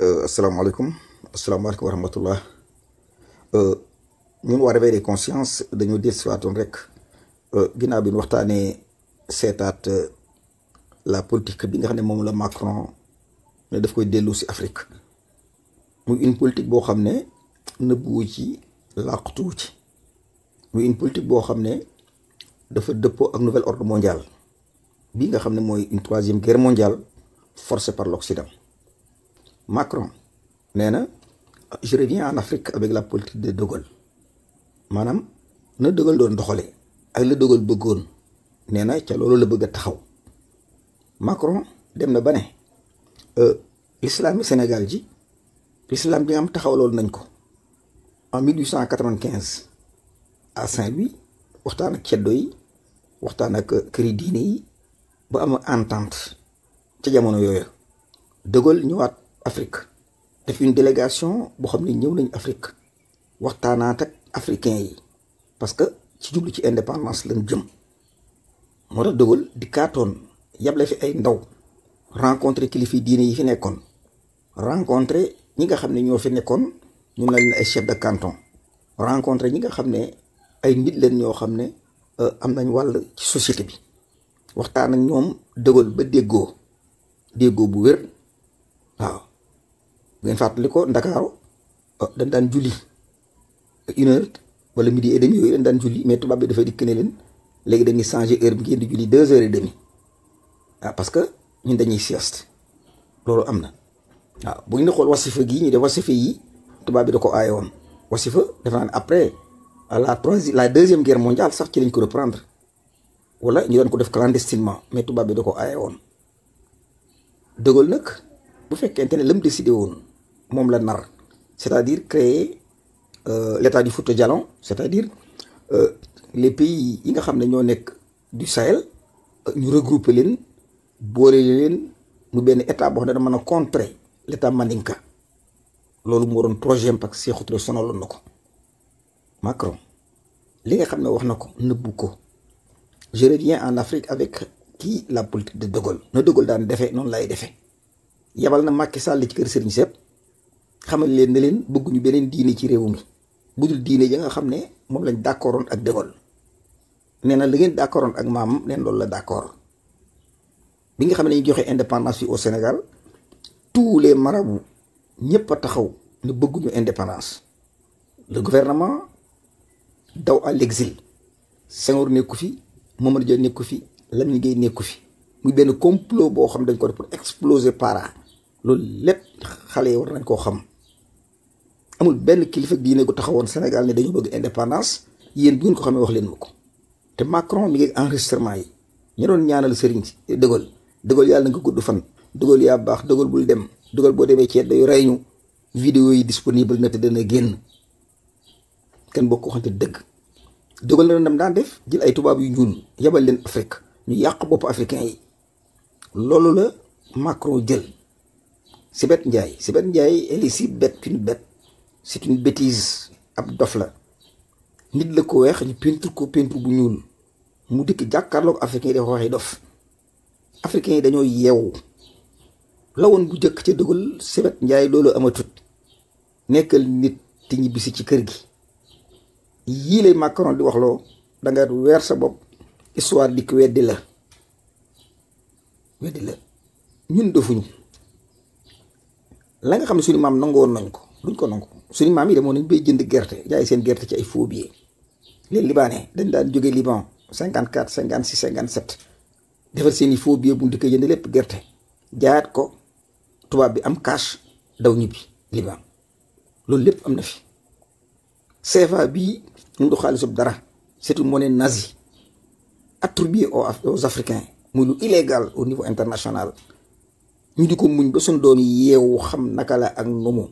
Euh, asalaamaaleykum asalaamaaleykum wa rahmatullah euh, ñun waa réveil des consciences dañoo dellusiwaatoon rek euh, ginnaaw bi ñu waxtaanee seetaat la politique bi nga xam ne moom la Macron ne daf koy dellu si Afrique muy une politique boo xam ne nëbbuwu ci làqtuwu ci muy une boo xam ne dafa dëppoo ak nouvel ordre mondial bi nga xam ne mooy une troisième guerre mondiale forcée par l'Occident Macron nee na je reviens en Afrique avec la politique de De maanaam na De doon doxalee ak la De Gaulle bëggoon nee na ca loolu la bëgg taxaw Macron dem na ba ne euh, islaami Sénégal ji l'islam bi nga am taxaw loolu nañ ko en 1895 à Saint-Louis waxtaan ak ceddo yi waxtaan ak euh, këri diine yi ba am entente ca jamono yooyu De Gaulle ñëwaat Afrique def une délégation boo xam ne ñëw nañu Afrique waxtaanaat ak yi parce que ci jublu ci indépendance lañ jëm moo tax dëggal di kaatoon yable fi ay ndaw rencontré kilifa diine yi fi nekkoon rencontré ñi nga xam ne ñoo fi nekkoon ñu ne ay chef de canton rencontré ñi nga xam ne ay nit leen ñoo xam ne euh, am nañ wàll ci société bi waxtaan ak ñoom dëggal ba déggoo déggoo bu wér waaw bu ngeen fàttali ko ndakaaru ah, dañ daan julli une heure wala midi et demi yooyu dañ julli mais tubaab bi dafay dikk ne leen léegi dañuy changer heure bi ngeen di julli deux heures et demi ah parce que ñun dañuy sieste loolu am na waaw ah, bu ne xool wasifa gii ñu def wasifa yi tubaab bi da ko aaye woon wasifa def naa ne après la troisième la deuxième guerre mondiale sax ci lañ ko reprendre wala ñu doon ko def clandestinement mais tubaab bi da ko aaye woon dëggal nag bu fekkente ne lam décidé woon moom la nar c'est-à-dire créer euh, l'état du Fouta Djallon c'est-à-dire euh, les pays yi nga xam ne ñoo nekk du Sahel euh, ñu regrouper leen boole leen mu benn état boo xam ne da mën a contrer l'état Mandinka loolu moo doon projet parce que Sékou Touré sonaloon na ko Macron li nga xam ne wax na ko nëbbu ko je reviens en Afrique avec kii la politique de De Gaulle na De Gaulle daan defee noonu lay defee yebal na Macky Sall ci kër Serigne Sepp xamal leen ne leen bëgguñu beneen diine ci réew mi budul diine ja nga xam ne moom lañ d'accordoon ak De Gaulle nee na la ngeen d'accordoon ak maam leen loolu la d'accord bi nga xam ne dañu joxe indépendance fii au Sénégal tous les marabu ñëpp a taxaw ne bëgguñu indépendance le gouvernement daw à l'exil Senghor nekku fi Mamadou Dia nekku fi Lamine Gueye nekku fi mu benn complot boo xam dañ ko def pour exploser para loolu lépp xale yi war nañ koo xam amul benn kilifa diine gu taxawoon Sénégal ne dañu bëgg indépendance yéen bu ngeen ko xamee wax leen ma ko te Macron mi ngi enregistrement yi ñu doon ñaanal sëriñ si eh, De Gaulle yàlla na nga gudd fan De Gaulle yaa baax De Gaulle bul dem De boo demee ceeb dayu rey ñu vidéo yi disponible na te dana génn kenn boo ko waxante dëgg De Gaulle na dem daan def jël ay tubaab yu ñuul yabal leen Afrique ñu yàq bopp africain yi loolu la Macron jël Sibeth Ndiaye Sibeth si bet qu'une c'est une bêtise ab dof la nit la ko weex ñu peintre ko peintre bu ñuul mu dikk jàkkaarloog africain yi dafa waxee dof africain yi dañoo yeewu lawoon bu jëkk ca dugal sebet njaay loolu amatut nekkal nit te ñibbisi ci kër gi yii lay Macron di waxloo da weer sa bopp histoire dikk ko weddi la weddi la ñun defuñu la nga xam ne suñu maam nangoon nañ ko duñ ko nangu suñu maam yi moo nañ bay jënd gerte jaay seen gerte ci ay faux billets les libanais dañ daan jóge Liban cinquante quatre cinquante six cinquante sept defar seen i faux billets bu ñu ko jënd lépp gerte jaayaat ko tubaab bi am cash daw ñibbi Liban loolu lépp am na fi CFA bii ñun du xaalisub dara c'est une monnaie nazie attribuée aux Africains muy lu illégal au niveau international ñu di ko muñ ba suñ doon yeewu xam naka la ak numu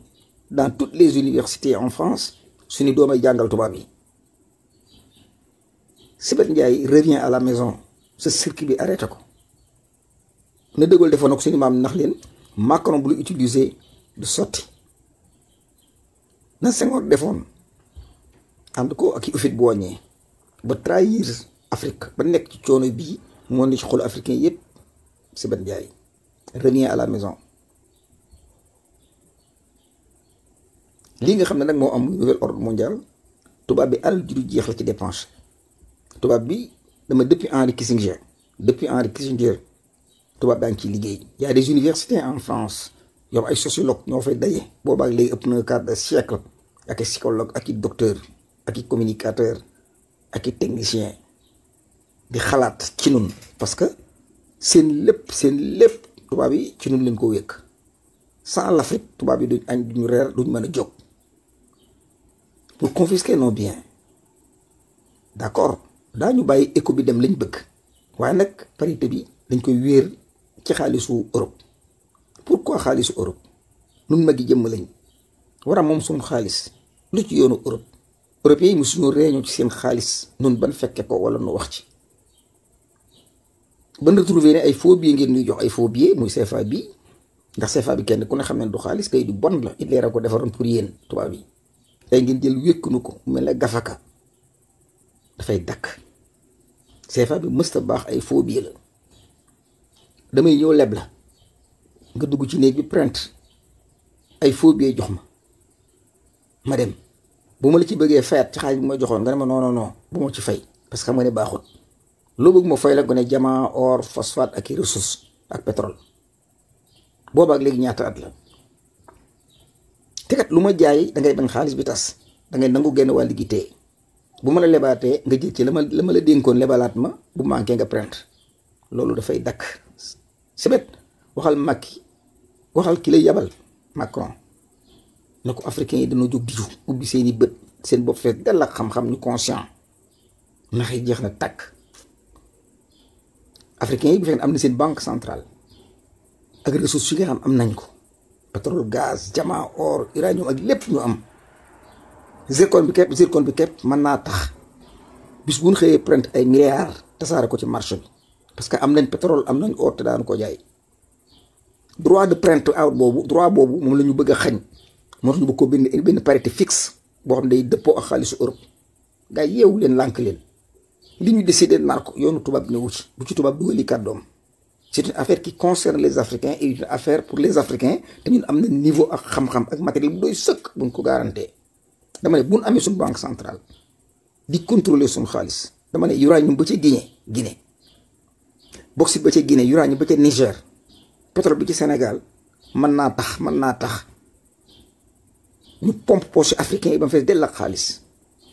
dans toutes les universités en France suñu doom ay jàngal tubaab yi Sibeth Ndiaye revient à la maison ce circuit bi arrêté ko na dëggal defoon na ko suñu maam nax leen Macron bu lu utiliser du sotti na Senghor defoon ànd ko ak i ufit bu wàññee ba trahir Afrique ba nekk ci coono bii moo ne ci xolu africain yëpp Sibeth Ndiaye revient à la maison lii nga xam ne nag moo am nouvel ordre mondial tubaab bi alal ju jeex la ci dépense tubaab bi dama depuis Henry Kissinger depuis Henry Kissinger tubaab baa ciy liggéey y a des universités en France yow ay sociologue ñoo fay daje boobaak léegi ëpp na quart de siècle ak i psychologue ak i docteur ak i communicateur ak i technicien di xalaat ci nun parce que seen lépp seen lépp tubaab yi ci nun lañ ko wékk sans l'Afrique tubaab yi duñ añ duñu reer duñ mën a jóg pour confisquer nos biens d'accord daañu bàyyi éco bi dem lañ bëgg waaye nag parité bi dañ koy wéer ci xaalisu Europe pourquoi xaalisu Europe nun magi jëmm lañ war moom suñu xaalis lu ci yoonu Europe Europe yi mu suñu réunion ci seen xaalis nun ban fekkee ko wala nu wax ci ban retrouver ne ay faux billets ngeen ñuy jox ay faux billets muy CFA bi ndax CFA bi kenn ku ne xam ne du xaalis kay du bon la Hitler ko defaroon pour yéen tubaab yi tey ngeen jël wékkunu ko mel na gafaka dafay dakk CFA bi mësta baax ay faux la damay ñëw leb la nga dugg ci néeg bi print ay faux jox ma ma dem bu ma la ci bëggee fayat ci xaalis bi ma joxoon nga ne ma non bu ma ci fay parce que xam nga ne baaxut loo bëgg ma fay la nga ne diamant or phosphate ak i ressources ak pétrole boobaak léegi ñaata at la. te lu ma jaay dangay ngay xaalis bi tas da ngay nangu genn wàll gi tee bu ma la lebaatee nga jël ci la ma la ma la dénkoon lebalaat ma bu manqué nga print loolu dafay dakk sebet waxal Macky waxal ki lay yabal Macron na ko africain yi dañoo jóg di ubbi seen i bët seen bopp fees dal ak xam-xam ñu conscient nax yi jeex na takk africain yi bu fekkee am na seen banque centrale ak ressources yi nga xam am nañ ko pétrole gaz diamant or uranium ak lépp ñu am zircon bi képp zircon bi képp mën naa tax bis bu ñu xëyee print ay milliards tasaare ko ci marché bi parce que am nañ pétrole am nañ or te daanu ko jaay droit de print out boobu droit boobu moom la ñu bëgg a xañ moo tax bu ko benn benn parité fixe boo xam ne day dëppoo ak xaalisu Europe gars yeewu leen lànk leen li ñu décidé nar ko yoonu tubaab ne wut bu ci tubaab dugali kàddoom c'est une affaire qui concerne les Africains et pour les Africains te ñun am na niveau ak xam-xam ak matériel bu doy sëkk buñ ko garanté dama ne bu amee suñu banque centrale di contrôler suñu xaalis dama ne uranium ba ca Guinée Guinée bauxite ba ca Guinée uranium ba ca Niger pétrole bi ci Sénégal mën naa tax man naa tax ñu pompe poche africain yi ba mu fees dell ak xaalis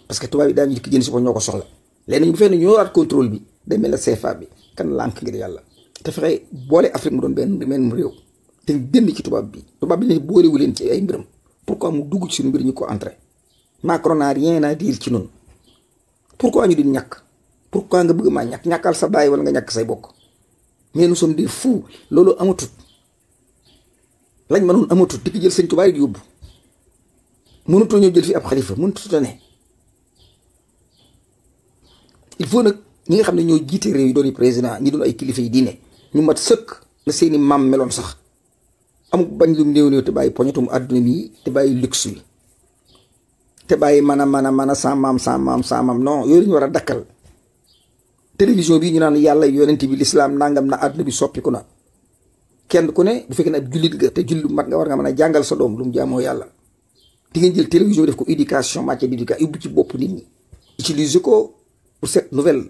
parce que tubaab yi daañu dikk jënd si ba ñoo ko soxla léegi nag bu fekkee ne ñoo waat contrôle bi day mel ne CFA bi yàlla. te fexe boole Afrique mu doon benn mu réew te génn ci tubaab bi tubaab bi ne boolewu leen ci ay pour pourquoi mu dugg ci suñu mbir ñu ko entrer Macron n'a rien à dire ci noonu pour pourquoi ñu di ñàkk pourquoi nga bëgg maa ñàkk ñàkkal sa baay wala nga ñàkk say bokk mais nous sommes des fous loolu amatut lañ mënoon amatut di ko jël sëñ tubaab yi di yóbbu jël fi ab xalifa mënutut a il faut nag ñi nga xam ne ñoo jiite réew yi doon président ñi doon ay kilifa yi diine ñu mat sëkk na seeni maam meloon sax am bañ lu néew néew te bàyyi poñatum àdduna bi te bàyyi luxe bi te bàyyi man a man a man a sa maam sa maam sa maam non yooyu lañu war a dakkal télévision bi ñu naan yàlla yonent bi lislaam nangam na àdduna bi soppiku na kenn ku ne bu fekkee ne ab jullit nga te jullit mat nga war nga mën a jàngal sa doom lu mu jaamoo yàlla di jël télévision bi def ko éducation matière d'éducation ubbi ci bopp nit ñi utiliser ko pour cette nouvelle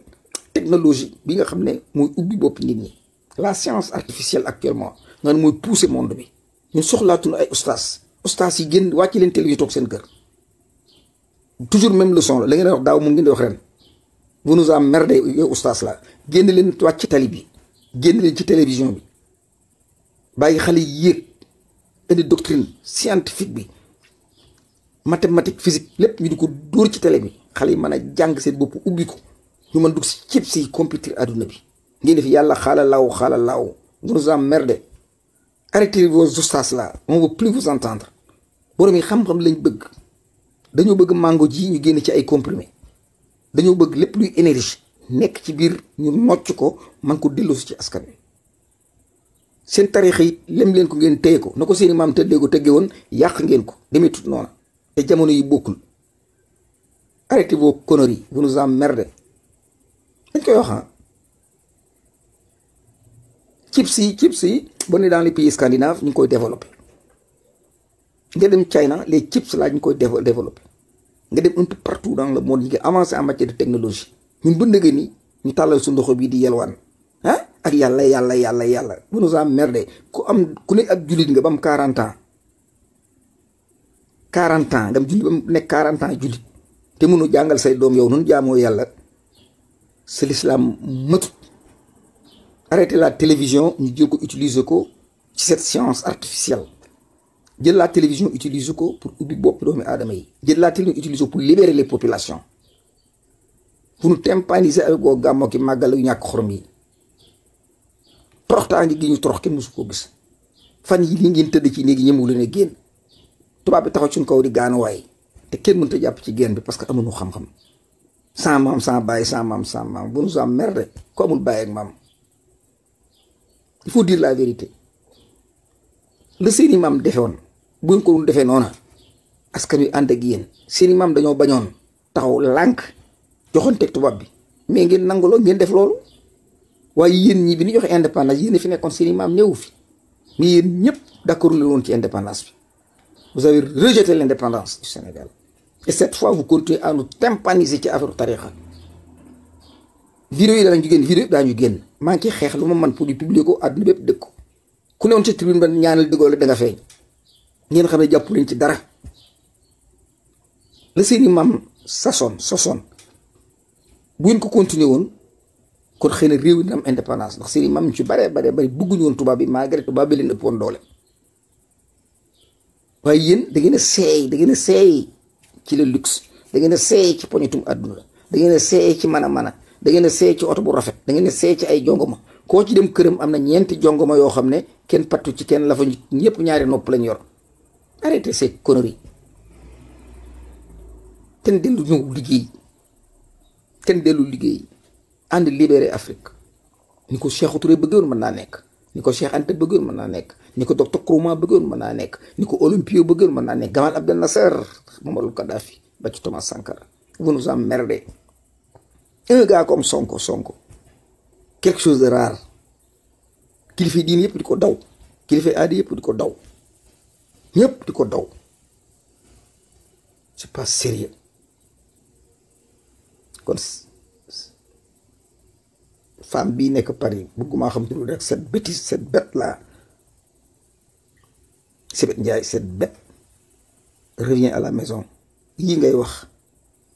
technologie bi nga xam ne mooy ubbi nit ñi la science artificielle actuellement noonu mooy pousser monde bi ñun soxlaatuñu ay ustaas ustaas yi génn wàcc leen télé toog seen kër toujours même leçon la la wax daaw mu ngeen di wax ren vous nous a merdé yow ustaas la génn leen wàcc ci tali bi génn leen ci télévision bi bàyyi xale yi yéeg indi doctrine scientifique bi mathématique physique lépp ñu di ko dóor ci télé bi xale yi mën a jàng seen bopp ubbi ko ñu mën dugg si cib si compétir àdduna bi ngi def yàlla xaala law xaala law vous emmerdez arrêtez vos ustaas là plus vous entendre borom yi xam-xam lañ bëgg dañoo bëgg mango ji ñu génn ci ay comprimé dañoo bëgg lépp luy énergie nekk ci biir ñu nocc ko man ko delloosi ci askan wi seen tarix yi lem leen ko ngeen téye ko na ko seen i maam tëddee ko tëggee woon yàq ngeen ko demetut noona te jamono yi bokkul arrêtez vos conneries vous nous dañ koy wax ah. chips yi chips yi boo nee dans les pays scandinaves ñu ngi koy développé nga dem China les chips laa ñu koy développé nga dem un peu partout dans le monde ñu ngi avancé en matière de technologie ñu bu ndëgë nii ñu tàllal su ndoxo bii di yelwaan ah ak yàlla yàlla yàlla yàlla bu nous emmerdé ku am ku nekk ak jullit nga ba am 40 ans 40 ans nga am jullit ba mu nekk 40 ans jullit te mënu jàngal say doom yow nun jaamoo yàlla sa lislaam matut arrêter la télévision ñu jël ko utiliser ko ci cette science artificielle jël la télévision utiliser ko pour ubbi bopp doomi aadama yi jël laa télévision utiliser ko pour libérer les populations pour nous tympaniser avec woo gàmmoo ki màggal yu ñàkk xorom yi toroxtaange gi ñu torox kenn mosu koo gis fan yi li ngeen tëdd ci néegi ñëmewul ne génn tubaab bi taxaw suñ kaw di gaanuwaay te kenn mënut a jàpp ci génn bi parce que amuñu xam-xam sans maam sans bàyyi sans maam sans maam bu nu il faut la vérité le seeni maam defe woon bu ngeen ko doon defee noona askan wi ànd ak yéen seeni maam dañoo bañoon lank lànk joxonteeg tubaab bi mais ngeen nanguloo ngeen def loolu waaye yéen ñi bi ñu joxe indépendance yéen fi nekkoon seeni maam néewu fi mais yéen ñëpp d'accord lu woon ci indépendance bi vous avez rejeté l'indépendance du Sénégal et cette fois vous continuez à nous si ci affaire tarixa vidéo yi danañ génn vidéo yëpp daañu génn maa ngi ciy xeex lu ma man pour ñu publier ko àdduna bépp dëkk ko ku newoon ci tribune ba ñaanal dëggoo la da nga feeñ ngeen xam ne jàpp leen ci dara la seeni maam sasoon sosoon bu ngeen ko continuer woon kon xëy na réew dina am indépendance ndax seeni maam ñu ci bare bare bare bëgguñu woon tubaab bi malgré tubaab bi leen ëpp woon doole waaye yéen da ngeen seey da ngeen a seey ci le luxe da ngeen a seey ci poñetum àdduna da ngeen a seey ci mën a mën a da ngeen a seey ci oto bu rafet da ngeen a ci ay jongoma koo ci dem këram am na ñeenti jongoma yoo xam ne kenn pattu ci kenn la fa ñëpp ñaari nopp lañ yor arrêté ces conneries ten dellu ñëw liggéey ten dellu liggéey ànd libere Afrique ni ko Cheikh Touré bëggoon mën naa nekk ni ko Cheikh Anta bëggoon mën naa nekk ni ko docteur Nkrumah bëggoon mën naa nekk ni ko Olympio bëggoon mën naa nekk Gamal Abdel Nasser Muammar Kadhafi ba ci Thomas Sankara vous nous emmerdez un gars comme Sonko Sonko quelque chose de rare kilifa diine di ko daw kilifa aada yëpp di ko daw ñëpp di ko daw c'est pas sérieux kon femme bii nekk Paris bëgguma xam turu rek cette bêtise cette bête là Sébét Ndiaye cette bête revient à la maison yii ngay wax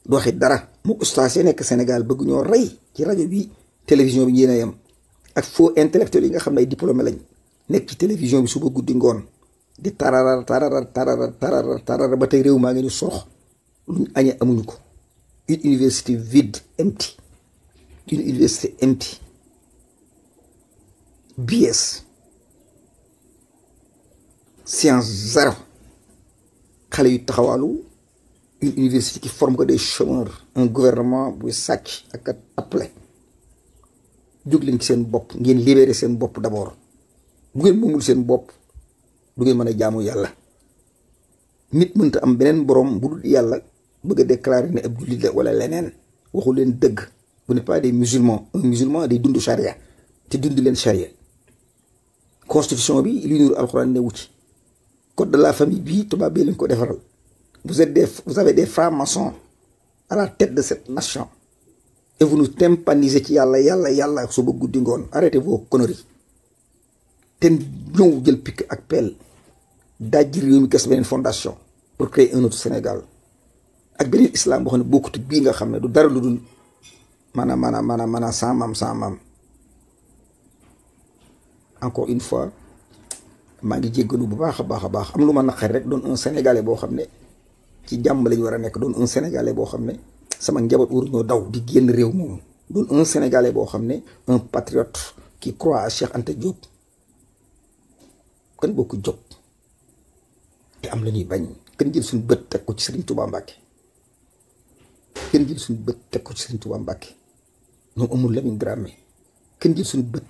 du waxi dara mu ustaas yi nekk Sénégal bëgg ñoo rey ci rajo bi télévision bi yéen a yem ak foo intellectuels yi nga xam ne ay diplômé lañ nekk ci télévision bi suba guddi ngoon di tararar tararar tararar tararar tararar ba tey réew maa ngi ñu soox luñ añee amuñu ko une université vide empty une université empty bies science zéro xale yu taxawaalu une université qui forme que des chômeurs un gouvernement buy sàcc ak at appelé jóg leen ci seen bopp ngeen libéré seen bopp d'abord bu ngeen moomul seen bopp du ngeen mën a jaamu yàlla nit mënta am beneen borom bu dul yàlla bëgg a déclarer ne ab jullit la wala leneen waxu leen dëgg vous n'êtes pas des musulmans un musulman day dund charia te dund leen charia constitution bi li ñu alxuraan newu ci code de la famille bii tubaab bee leen ko defaral Vous, êtes des, avez des francs-maçons à la de cette nation. Et vous ci yàlla yàlla yàlla suba guddi ngoon arrêtez vos conneries te ñëw jël pikk ak peel dajji réew mi gas beneen fondation pour créer un autre Sénégal ak beneen islam boo xam ne bokkut bii nga xam ne du dara lu dul maanaam maanaam maanaam maanaam sans maam sans encore une fois maa ngi jéggalu bu baax a baax a baax am lu ma naqari rek doon un Sénégalais boo xam ne ci jàmm lañu war a nekk doon un sénégalais boo xam ne sama njaboot waruñoo daw di génn réew moomu loolu un sénégalais boo xam ne un patriote qui croit à Cheikh Anta Diop kan boo ko jóg am la bañ kan jël suñu bët teg ko ci Serigne Touba Mbacke kan jël suñu teg ko ci Serigne Touba Mbacke amul Lamine Dramé kan jël suñu bët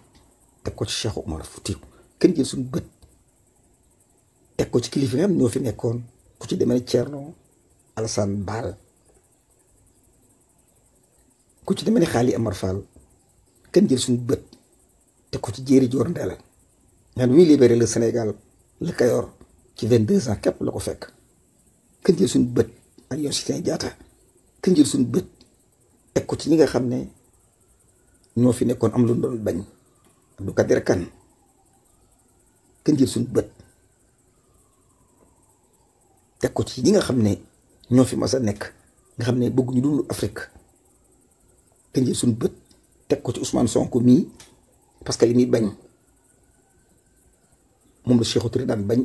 teg ko ci Cheikh Omar Foutiyou kan suñu bët teg ko ci kilifa ñoo fi nekkoon ku ci demee noo Alassane Baal ku ci deme ne xaali Amar Fall kenn jël suñu bët te ko ci jéeri joor ndeela ñaan wuy libéré le Sénégal la Kayoor ci vingt deux ans képp la ko fekk kenn jël suñu bët ak Yossitien Diatta kenn jël suñu bët teg ko ci ñi nga xam ne ñoo fi nekkoon am lu doon bañ Abdou Kader Kane kenn jël suñu bët teg ko ci ñi nga xam ne ñoo fi mas a nekk nga xam ne bëgguñu dund Afrique te njël suñ bët teg ko ci Ousmane Sonko mii parce que li muy bañ moom la Cheikh Touré daan bañ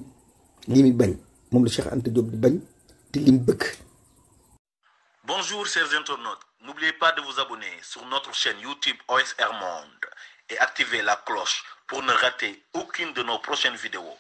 li muy bañ moom la Cheikh Anta Diop di bañ te li mu bëgg. Bonjour chers internautes, n'oubliez pas de vous abonner sur notre chaîne YouTube OSR Monde et activer la cloche pour ne rater aucune de nos prochaines vidéos.